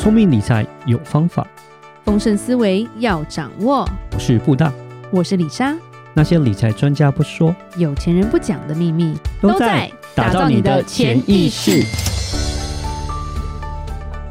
聰明理財有方法，豐盛思維要掌握。我是布大，我是里莎。那些理財專家不說有錢人不講的秘密，都在打造你的錢意識，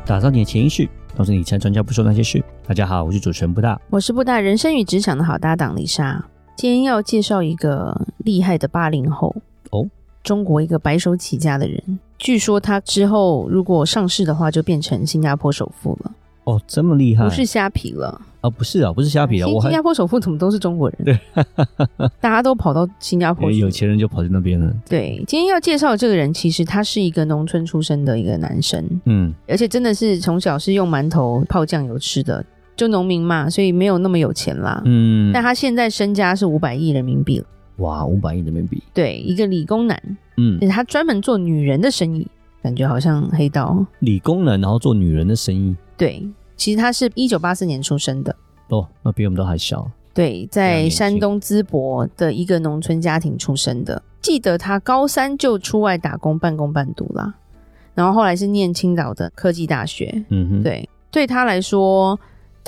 打造你的錢意識。同時，理財專家不說那些事。大家好，我是主持人布大，我是布大人生與職場的好搭檔里莎。今天要介紹一個厲害的八零後哦，中國一個白手起家的人。據說他之後如果上市的話，就變成新加坡首富了。哦，這麼厲害！不是蝦皮了啊，哦，不是啊，不是蝦皮了。新新加坡首富怎麼都是中國人？對，大家都跑到新加坡，所以有錢人就跑去那邊了。對，今天要介紹的這個人，其實他是一個農村出生的一個男生，嗯，而且真的是從小是用饅頭泡醬油吃的，就農民嘛，所以沒有那麼有錢啦。嗯，但他現在身家是五百億人民幣了。哇，五百億人民幣！對，一個理工男，嗯，他專門做女人的生意，感覺好像黑道。理工男，然後做女人的生意。對，其實他是一九八四年出生的，哦，那比我們都還小。對，在山東淄博的一個農村家庭出生的，記得他高三就出外打工，半工半讀啦。然後後來是念青島的科技大學。嗯哼，對，對他來說。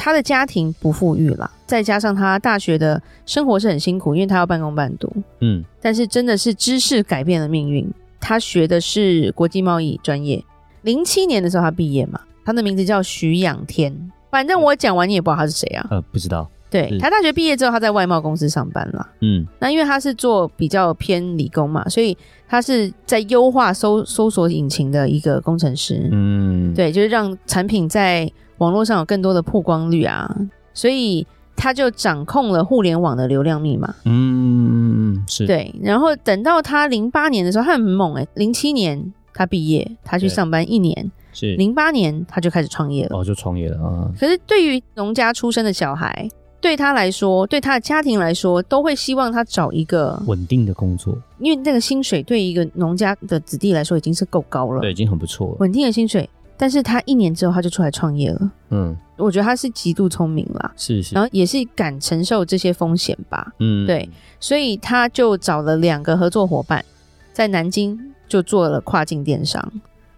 他的家庭不富裕啦，再加上他大學的生活是很辛苦，因為他要半工半讀。嗯，但是真的是知識改變了命運。他學的是國際貿易專業，零七年的時候他畢業嘛。他的名字叫許仰天，反正我講完你也不知道他是誰啊？呃、嗯，不知道。對，他大學畢業之後他在外貿公司上班啦。嗯，那因為他是做比較偏理工嘛，所以他是在優化搜搜索引擎的一個工程師。嗯，對，就是讓產品在。網絡上有更多的曝光率啊，所以他就掌控了互聯網的流量密碼。嗯，是對。然後等到他零八年的時候，他很猛哎、欸。零七年他畢業，他去上班一年。是零八年他就開始創業了。哦，就創業了啊。可是對於農家出生的小孩，對他來說，對他的家庭來說，都會希望他找一個穩定的工作，因為那個薪水對一個農家的子弟來說已經是夠高了。對，已經很不錯了。穩定的薪水。但是他一年之後，他就出來創業了。嗯，我覺得他是極度聰明啦，是是，然後也是敢承受這些風險吧。嗯，對，所以他就找了兩個合作伙伴，在南京就做了跨境電商。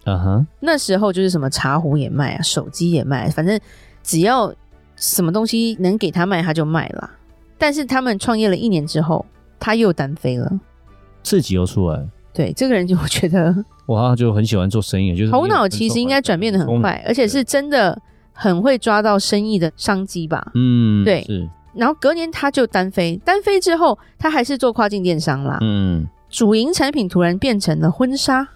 嗯哼，uh-huh，那時候就是什麼茶壺也賣啊，手機也賣啊，反正只要什麼東西能給他賣，他就賣啦。但是他們創業了一年之後，他又單飛了，自己又出來。對這個人，就會覺得我好像就很喜歡做生意，就是頭腦其實應該轉變得很快，而且是真的很會抓到生意的商機吧。嗯，對。是，然後隔年他就單飛，單飛之後他還是做跨境電商啦。嗯，主營產品突然變成了婚紗。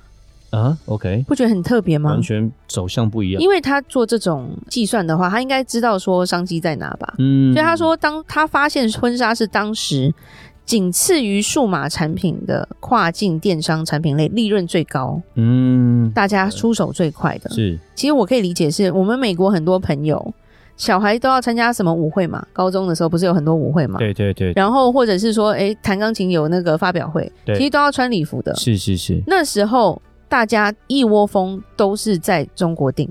啊，OK，不覺得很特別嗎？完全走向不一樣。因為他做這種計算的話，他應該知道說商機在哪吧？嗯，所以他說，當他發現婚紗是當時。僅次於數碼產品的跨境電商產品類利潤最高，嗯，大家出手最快的。是，其實我可以理解是，我們美國很多朋友小孩都要參加什麼舞會嘛，高中的時候不是有很多舞會嘛，對，對對對。然後或者是說，哎，彈鋼琴有那個發表會，對，其實都要穿禮服的。是是是。那時候大家一窩蜂都是在中國訂。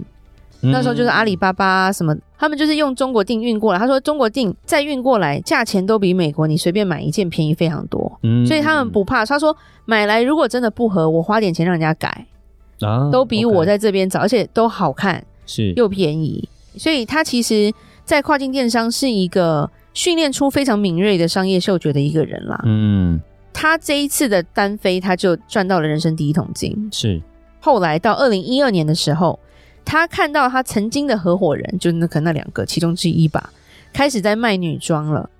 那時候就是阿里巴巴、啊、什麼，嗯、他們就是用中國訂運過來。他說中國訂再運過來，價錢都比美國你隨便買一件便宜非常多。嗯，所以他們不怕。嗯、他說買來如果真的不合，我花點錢讓人家改啊，都比我在這邊找，okay 而且都好看，是又便宜。所以他其實，在跨境電商是一個訓練出非常敏銳的商業嗅覺的一個人啦。嗯，他這一次的單飛，他就賺到了人生第一桶金。是後來到二零一二年的時候。他看到他曾經的合夥人，就那可能那兩個其中之一吧，開始在賣女裝了。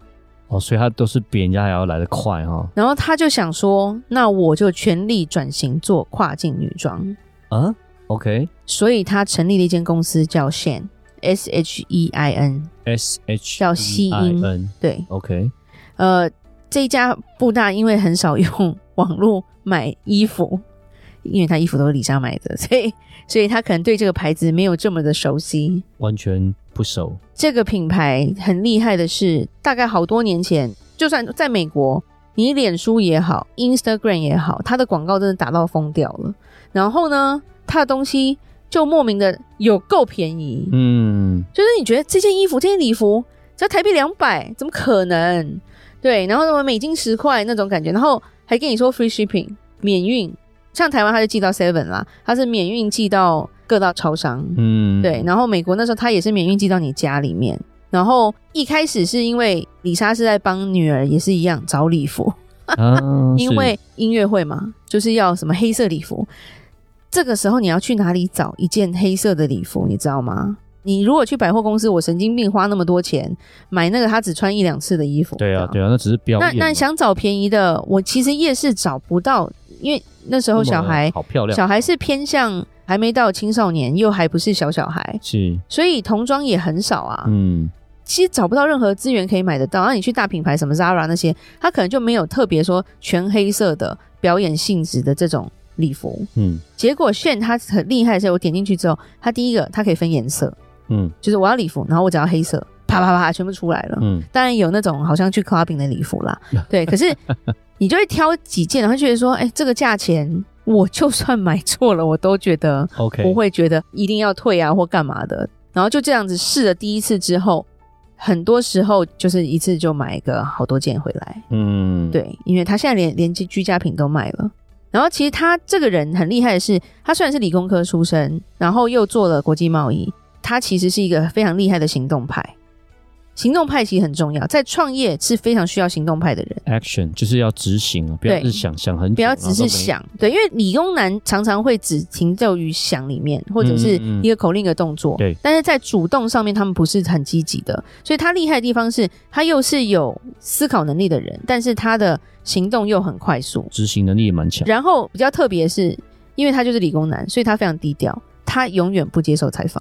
哦，所以他都是比人家還要來得快哈。哦、然後他就想說，那我就全力轉型做跨境女裝。啊，OK。所以他成立了一間公司叫 SHEIN，S H E I N，S H、E、I N，叫 C e i n 對，OK。呃，這一家不大，因為很少用網絡買衣服。因為他衣服都是里莎買的，所以所以他可能對這個牌子沒有這麼的熟悉，完全不熟。這個品牌很厲害的是，大概好多年前，就算在美國，你臉書也好，Instagram 也好，它的廣告真的打到瘋掉了。然後呢，它的東西就莫名的有夠便宜，嗯，就是你覺得這件衣服、這件禮服只要台幣兩百，怎麼可能？對，然後什麼美金十塊那種感覺，然後還跟你說 free shipping 免運。像台灣，他就寄到 Seven 啦，他是免運寄到各大超商，嗯，對。然後美國那時候他也是免運寄到你家裡面。然後一開始是因為里莎是在幫女兒也是一樣找禮服， 啊、因為音樂會嘛，就是要什麼黑色禮服。這個時候你要去哪裡找一件黑色的禮服，你知道嗎？你如果去百貨公司，我神經病花那麼多錢買那個他只穿一兩次的衣服，對啊，對啊，那只是表演。那那想找便宜的，我其實夜市找不到。因為那時候小孩好漂亮，小孩是偏向還沒到青少年，又還不是小小孩，是，所以童裝也很少啊。嗯，其實找不到任何資源可以買得到。那、啊、你去大品牌什麼 Zara 那些，它可能就沒有特別說全黑色的表演性質的這種禮服。嗯，結果 SHEIN 它很厲害，所以我點進去之後，它第一個它可以分顏色。嗯，就是我要禮服，然後我只要黑色。啪啪啪，全部出來了。嗯，當然有那種好像去 clubbing 的禮服啦。對，可是你就會挑幾件，然後覺得說，哎，這個價錢，我就算買錯了，我都覺得 OK，不會覺得一定要退啊或幹嘛的。然後就這樣子試了第一次之後，很多時候就是一次就買一個好多件回來。嗯，對，因為他現在連連居家品都賣了。然後其實他這個人很厲害的是，他雖然是理工科出身，然後又做了國際貿易，他其實是一個非常厲害的行動派。行動派其實很重要，在創業是非常需要行動派的人。Action 就是要執行，不要只是想對想很久，很，不要只是想。對，因為理工男常常會只停留於想裡面，或者是一個口令的動作。嗯嗯對，但是在主動上面，他們不是很積極的。所以他厲害的地方是他又是有思考能力的人，但是他的行動又很快速，執行能力也蠻強。然後比較特別是，因為他就是理工男，所以他非常低調，他永遠不接受採訪。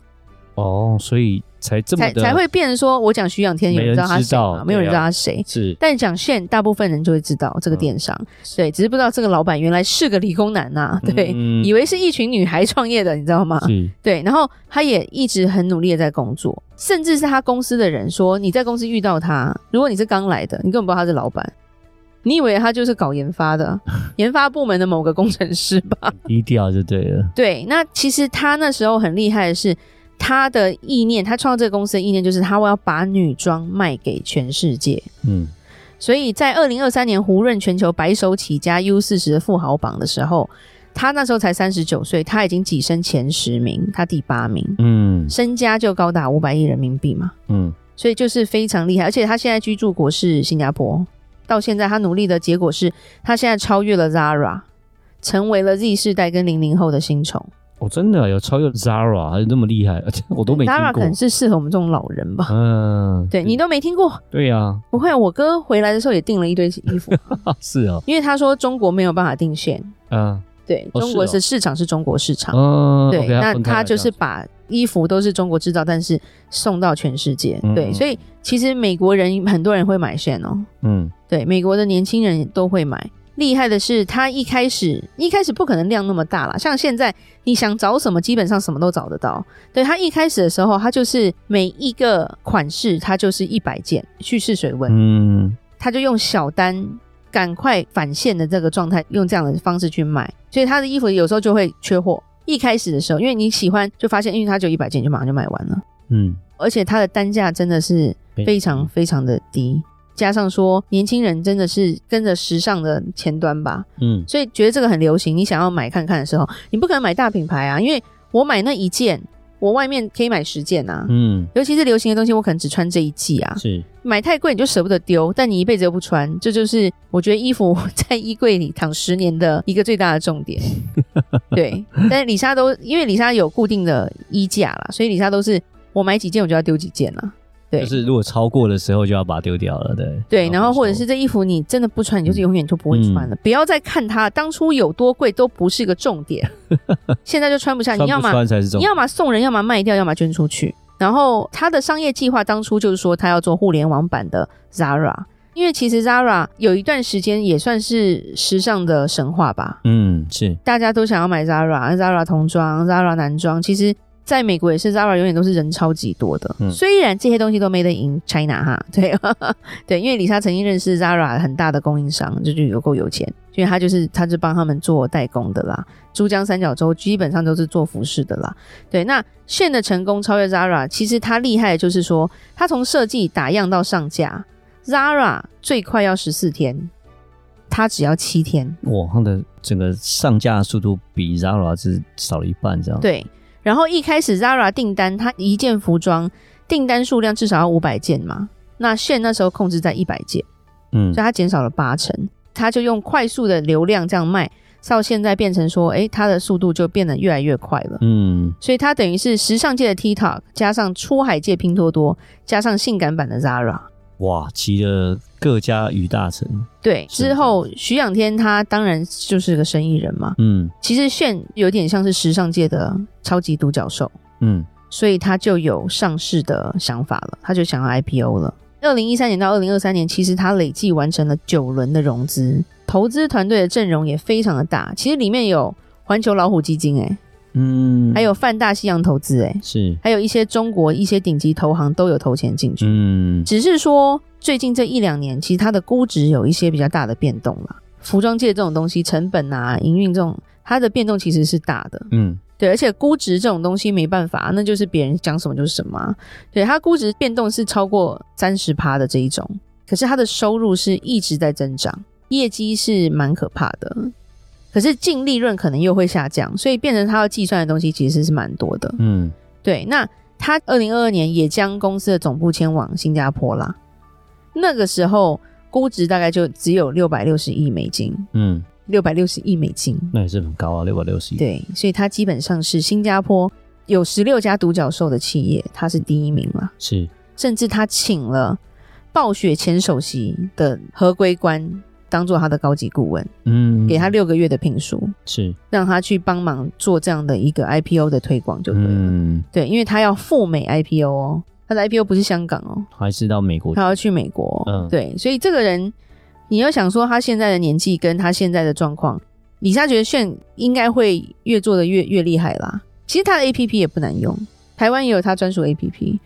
哦，oh, 所以。才才才會變成說，我講徐仰天，有人知道他誰嗎？沒，沒有人知道他誰啊。是，但講 SHEIN，大部分人就會知道這個電商。嗯、對，只是不知道這個老闆原來是個理工男吶啊。對，嗯、以為是一群女孩創業的，你知道嗎？是對，然後他也一直很努力的在工作，甚至是他公司的人說，你在公司遇到他，如果你是剛來的，你根本不知道他是老闆，你以為他就是搞研發的， 研發部門的某個工程師吧？低調就對了。對，那其實他那時候很厲害的是。他的意念，他創造這個公司的意念就是他，我要把女裝賣給全世界。嗯，所以在二零二三年胡潤全球白手起家 U 四十的富豪榜的時候，他那時候才三十九歲，他已經躋身前十名，他第八名。嗯，身家就高達五百億人民幣嘛。嗯，所以就是非常厲害，而且他現在居住國是新加坡，到現在他努力的結果是他現在超越了 Zara，成為了 Z 世代跟零零後的新寵。我真的有超越 Zara，還有那麼厲害，而且我都沒聽過。Zara 可能是適合我們這種老人吧。嗯，對，你都沒聽過。對呀，不會，我哥回來的時候也訂了一堆衣服。是啊，因為他說中國沒有辦法訂 SHEIN。嗯，對，中國是市場是中國市場。嗯，對，那他就是把衣服都是中國制造，但是送到全世界。對，所以其實美國人很多人會買 SHEIN 哦。嗯，對，美國的年輕人都會買。厲害的是，他一開始一開始不可能量那麼大啦。像現在，你想找什麼，基本上什麼都找得到。對，他一開始的時候，他就是每一個款式，他就是一百件，去試水溫。嗯，他就用小單趕快返現的這個狀態，用這樣的方式去賣。所以他的衣服有時候就會缺貨。一開始的時候，因為你喜歡，就發現，因為他就一百件，就馬上就賣完了。嗯，而且他的單價真的是非常非常的低。加上說，年輕人真的是跟着時尚的前端吧，嗯，所以覺得這個很流行。你想要買看看的時候，你不可能買大品牌啊，因為我買那一件，我外面可以買十件啊，嗯，尤其是流行的東西，我可能只穿這一季啊，是買太貴你就捨不得丟，但你一輩子又不穿，這就，就是我覺得衣服在衣櫃裡躺十年的一個最大的重點， 對。但是里莎都因為里莎有固定的衣架啦，所以里莎都是我買幾件我就要丟幾件啦。就是如果超過的時候就要把它丟掉了，對對，然後或者是這衣服你真的不穿，嗯、你就是永遠就不會穿了，嗯、不要再看它當初有多貴都不是一個重點， 現在就穿不下，穿不穿才是重。你要麼送人，要麼賣掉，要麼捐出去。然後他的商業計劃當初就是說他要做互聯網版的 Zara，因為其實 Zara 有一段時間也算是時尚的神話吧，嗯，是大家都想要買 Zara，Zara 童裝，Zara 男裝，其實。在美國也是 Zara 永遠都是人超級多的，嗯、雖然這些東西都 Made in China 哈，對 對，因為李莎曾經認識 Zara 很大的供應商，就就是、有夠有錢，所以他就是他就幫他們做代工的啦。珠江三角洲基本上都是做服飾的啦，對。那 SHEIN 的成功超越 Zara，其實它厲害的就是說，它從設計打樣到上架，Zara 最快要十四天，它只要七天。哇，它的整個上架速度比 Zara 是少了一半，知道嗎？對。然後一開始 Zara 訂單，它一件服裝訂單數量至少要五百件嘛，那 SHEIN 那時候控制在一百件，嗯，所以它減少了八成，它就用快速的流量這樣賣，到現在變成說，哎，它的速度就變得越來越快了，嗯，所以它等於是時尚界的 TikTok，加上出海界拼多多，加上性感版的 Zara。哇，集了各家與大成。對，之後許仰天他當然就是個生意人嘛。嗯，其實 SHEIN 有點像是時尚界的超級獨角獸。嗯，所以他就有上市的想法了，他就想要 IPO 了。二零一三年到二零二三年，其實他累計完成了九輪的融資，投資團隊的陣容也非常的大。其實裡面有環球老虎基金，欸，嗯，還有泛大西洋投資，欸，哎，是，還有一些中國一些頂級投行都有投錢進去。嗯，只是說最近這一兩年，其實它的估值有一些比較大的變動了。服裝界這種東西，成本啊，營運這種，它的變動其實是大的。嗯，對，而且估值這種東西沒辦法，那就是別人講什麼就是什麼啊。對，它估值變動是超過三十趴的這一種，可是它的收入是一直在增長，業績是蠻可怕的。可是淨利潤可能又會下降，所以變成他要計算的東西其實是蠻多的。嗯，對。那他二零二二年也將公司的總部遷往新加坡啦，那個時候估值大概就只有六百六十億美金。嗯，六百六十億美金，那也是很高啊，六百六十億。對，所以他基本上是新加坡有十六家獨角獸的企業，他是第一名了。是，甚至他請了暴雪前首席的合規官。當做他的高級顧問，嗯，給他六個月的聘書，是讓他去幫忙做這樣的一個 IPO 的推廣就可以了。嗯、對，因為他要赴美 IPO 哦、喔，他的 IPO 不是香港哦、喔，還是到美國，他要去美國、喔。嗯，對，所以這個人你要想說他現在的年紀跟他現在的狀況，里莎覺得 SHEIN 應該會越做的越越厲害啦。其實他的 APP 也不難用，台灣也有他專屬 APP，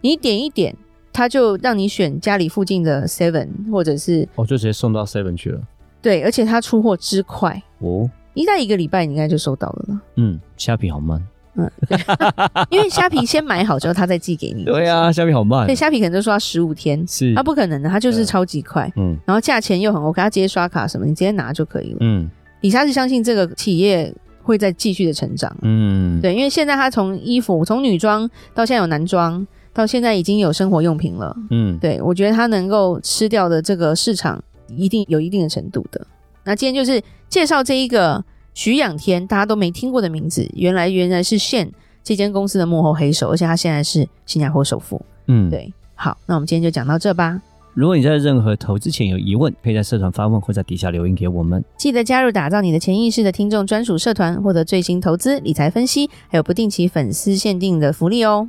你點一點。他就讓你選家裡附近的 Seven，或者是哦，就直接送到 Seven 去了。對，而且他出貨之快哦，一到一個禮拜你應該就收到了吧。嗯，蝦皮好慢。嗯，對 因為蝦皮先買好之後，他再寄給你。 嗎對啊，蝦皮好慢、啊。對，蝦皮可能就說十五天，是，他、啊、不可能的，他就是超級快。嗯，然後價錢又很 OK，他直接刷卡什麼，你直接拿就可以了。嗯，里莎是相信這個企業會再繼續的成長。嗯，對，因為現在他從衣服，從女裝到現在有男裝。到現在已經有生活用品了，嗯，對，我覺得他能夠吃掉的這個市場一定有一定的程度的。那今天就是介紹這一個許仰天，大家都沒聽過的名字，原來原來是現這間公司的幕後黑手，而且他現在是新加坡首富，嗯，對。好，那我們今天就講到這吧。如果你在任何投資前有疑問，可以在社團發問，或在底下留言給我們。記得加入打造你的錢意識的聽眾專屬社團，獲得最新投資理財分析，還有不定期粉絲限定的福利哦。